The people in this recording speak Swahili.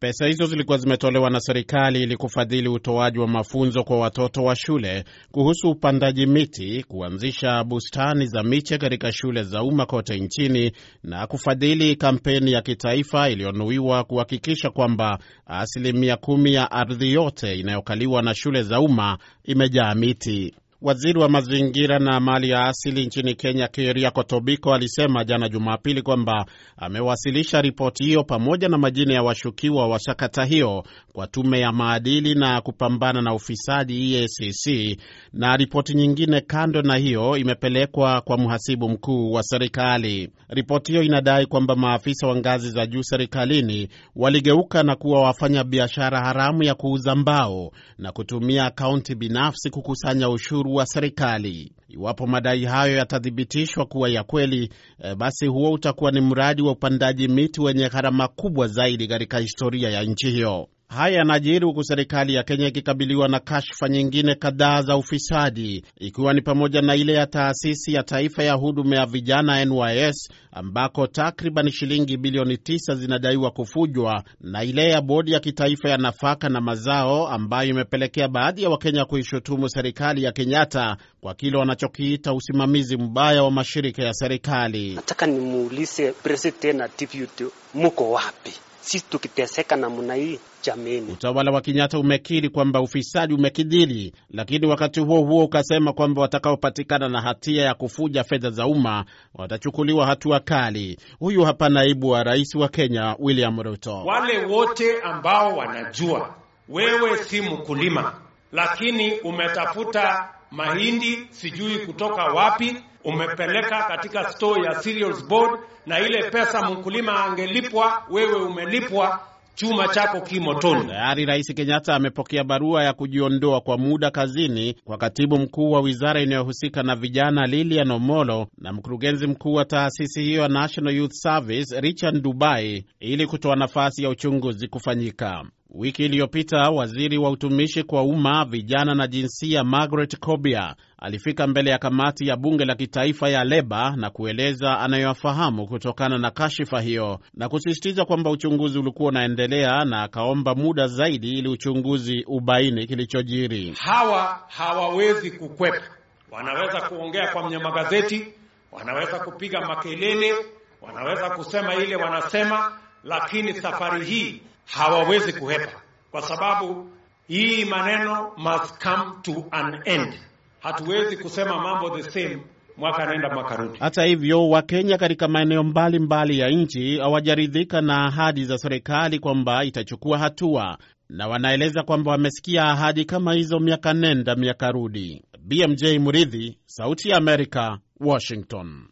Pesa hizo zilikuwa zimetolewa na serikali ili kufadhili utoaji wa mafunzo kwa watoto wa shule kuhusu upandaji miti, kuanzisha bustani za miche katika shule za umma kote nchini na kufadhili kampeni ya kitaifa iliyonuiwa kuhakikisha kwamba asilimia kumi ya ardhi yote inayokaliwa na shule za umma imejaa miti. Waziri wa mazingira na mali ya asili nchini Kenya, Keriako Tobiko, alisema jana Jumapili kwamba amewasilisha ripoti hiyo pamoja na majina ya washukiwa wa sakata hiyo kwa tume ya maadili na kupambana na ufisadi EACC, na ripoti nyingine kando na hiyo imepelekwa kwa mhasibu mkuu wa serikali. Ripoti hiyo inadai kwamba maafisa wa ngazi za juu serikalini waligeuka na kuwa wafanya biashara haramu ya kuuza mbao na kutumia akaunti binafsi kukusanya ushuru udhuru wa serikali. Iwapo madai hayo yatathibitishwa kuwa ya kweli, e, basi huo utakuwa ni mradi wa upandaji miti wenye gharama kubwa zaidi katika historia ya nchi hiyo. Haya yanajiri huku serikali ya Kenya ikikabiliwa na kashfa nyingine kadhaa za ufisadi, ikiwa ni pamoja na ile ya taasisi ya taifa ya huduma ya vijana NYS, ambako takriban shilingi bilioni tisa zinadaiwa kufujwa, na ile ya bodi ya kitaifa ya nafaka na mazao, ambayo imepelekea baadhi ya Wakenya kuishutumu serikali ya Kenyatta kwa kile wanachokiita usimamizi mbaya wa mashirika ya serikali. Nataka nimuulize President muko wapi? sisi tukiteseka namna hii jameni. Utawala wa Kenyatta umekiri kwamba ufisadi umekidhiri, lakini wakati huo huo ukasema kwamba watakaopatikana na hatia ya kufuja fedha za umma watachukuliwa hatua kali. Huyu hapa naibu wa rais wa Kenya William Ruto. Wale wote ambao wanajua wewe si mkulima lakini umetafuta mahindi sijui kutoka wapi, umepeleka katika store ya cereals board, na ile pesa mkulima angelipwa, wewe umelipwa chuma chako kimotoni. Tayari Rais Kenyatta amepokea barua ya kujiondoa kwa muda kazini kwa katibu mkuu wa wizara inayohusika na vijana Lilian Omolo na mkurugenzi mkuu wa taasisi hiyo ya National Youth Service Richard Dubai ili kutoa nafasi ya uchunguzi kufanyika. Wiki iliyopita waziri wa utumishi kwa umma, vijana na jinsia, Margaret Kobia alifika mbele ya kamati ya bunge la kitaifa ya Leba na kueleza anayoyafahamu kutokana na kashifa hiyo na kusisitiza kwamba uchunguzi ulikuwa unaendelea na akaomba muda zaidi ili uchunguzi ubaini kilichojiri. Hawa hawawezi kukwepa, wanaweza kuongea kwa mnyama gazeti, wanaweza kupiga makelele, wanaweza kusema ile wanasema, lakini safari hii hawawezi kuhepa, kwa sababu hii maneno must come to an end. Hatuwezi kusema mambo the same mwaka nenda mwaka rudi. Hata hivyo, Wakenya katika maeneo mbalimbali ya nchi hawajaridhika na ahadi za serikali kwamba itachukua hatua, na wanaeleza kwamba wamesikia ahadi kama hizo miaka nenda miaka rudi. BMJ Muridhi, Sauti ya Amerika, Washington.